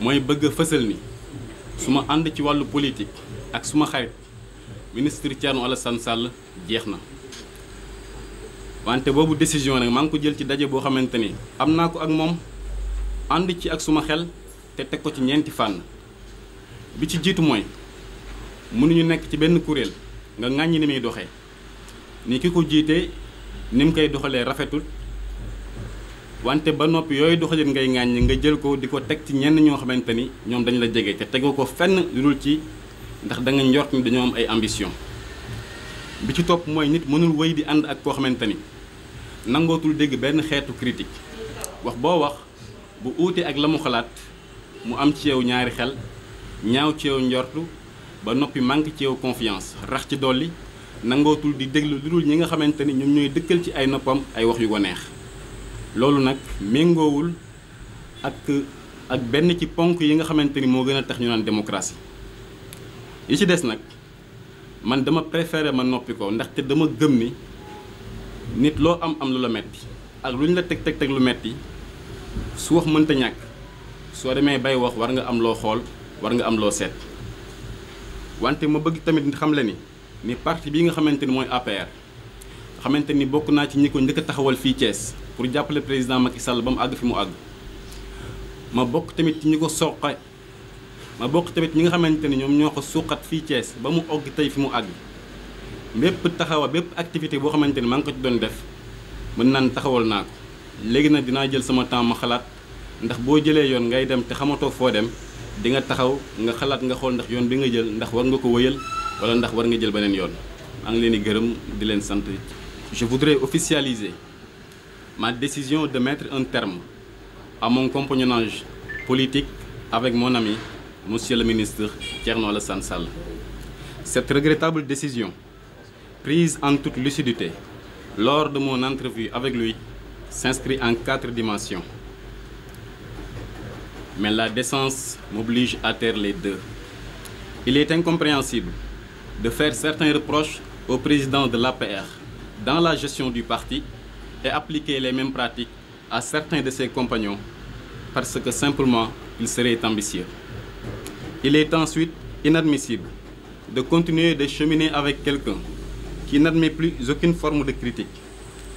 mooy bëgg a fësal ni su ma ànd ci wàllu politique ak suma xarit ministre Thierno Alassane Sall jeex na wante boobu décision nag maa ngi ko jël ci daje boo xamante ni am naa ko ak moom ànd ci ak suma xel te teg ko ci ñeenti fànn bi ci jiitu mooy mënuñu nekk ci benn kuréel nga ŋàññi ni muy doxee ni ki ko jiite ni mu koy doxalee rafetul wante ba noppi yooyu doxalin ngay ŋàññi nga jël ko di ko teg ci ñenn ñoo xamante ni ñoom dañu la jege te tegoo ko fenn lu dul ci ndax da nga njort ni dañoo am ay ambition bi ci topp mooy nit mënul wéy di ànd ak koo xamante ni nangootul dégg benn xeetu critique wax boo wax bu uute ak la mu xalaat mu am ci ñaari xel ñaaw ceew yow ba noppi manque ci yow confiance rax ci dolli nangootul di déglu lu dul ñi nga xamante ni ñoom ñooy dëkkal ci ay noppam ay wax yu ko neex loolu nag méngoowul ak ak benn ci ponk yi nga xamante ni moo gën a tax ñu naan démocratie yi ci des nag man dama préféré ma noppi ko ndaxte dama gëm ni nit loo am am lu la metti ak lu ñu la teg teg teg lu metti su wax mënta ñàkk soo demee bay wax war nga am loo xool war nga am loo seet wante ma bëgg tamit xam le ni ni parti bii nga xamante ni mooy APR xamante ni bokk naa ci ñi ko njëkk taxawal fii cees pour jàppale président Macky Sall ba mu àgg fi mu àgg ma bokk tamit ci ñi ko soqe ma bokk tamit ñi nga xamante ni ñoom ñoo ko suqat fii cees ba mu ogg tey fi mu àgg bépp taxawa bépp activité boo xamante ni maa ngi ko ci doon def mën naan taxawal naa ko léegi nag dinaa jël sama temps ma xalaat ndax boo jëlee yoon ngay dem te xamatoo foo dem di nga taxaw nga xalaat nga xool ndax yoon bi nga jël ndax war nga ko wëyal wala ndax war nga jël beneen yoon maa ngi leen di gërëm di leen sant je voudrais officialiser ma décision de mettre un terme à mon compagnonnage politique avec mon ami, Monsieur le ministre Thierno Alassane Sall. Cette regrettable décision, prise en toute lucidité lors de mon entrevue avec lui, s'inscrit en quatre dimensions. Mais la décence m'oblige à taire les deux. Il est incompréhensible de faire certains reproches au président de la l'APR dans la gestion du parti et appliquer les mêmes pratiques à certains de ses compagnons parce que simplement il serait ambitieux. Il est ensuite inadmissible de continuer de cheminer avec quelqu'un qui n'admet plus aucune forme de critique,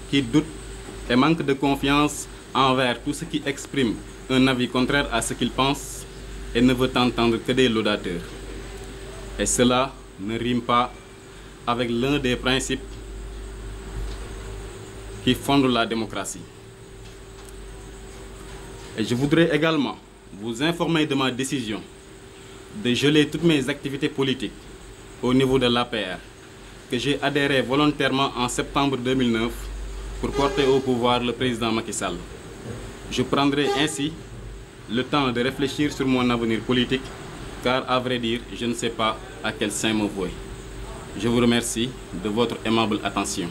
qui doute et manque de confiance envers tout ce qui exprime un avis contraire à ce qu'il pense et ne veut entendre que des laudateurs. Et cela ne rime pas avec l'un des principes qui fondent la démocratie. Et je voudrais également vous informer de ma décision de geler toutes mes activités politiques au niveau de l'APR, que j'ai adhéré volontairement en septembre 2009 pour porter au pouvoir le président Macky Sall. Je prendrai ainsi le temps de réfléchir sur mon avenir politique, car à vrai dire, je ne sais pas à quel saint me vouer. Je vous remercie de votre aimable attention.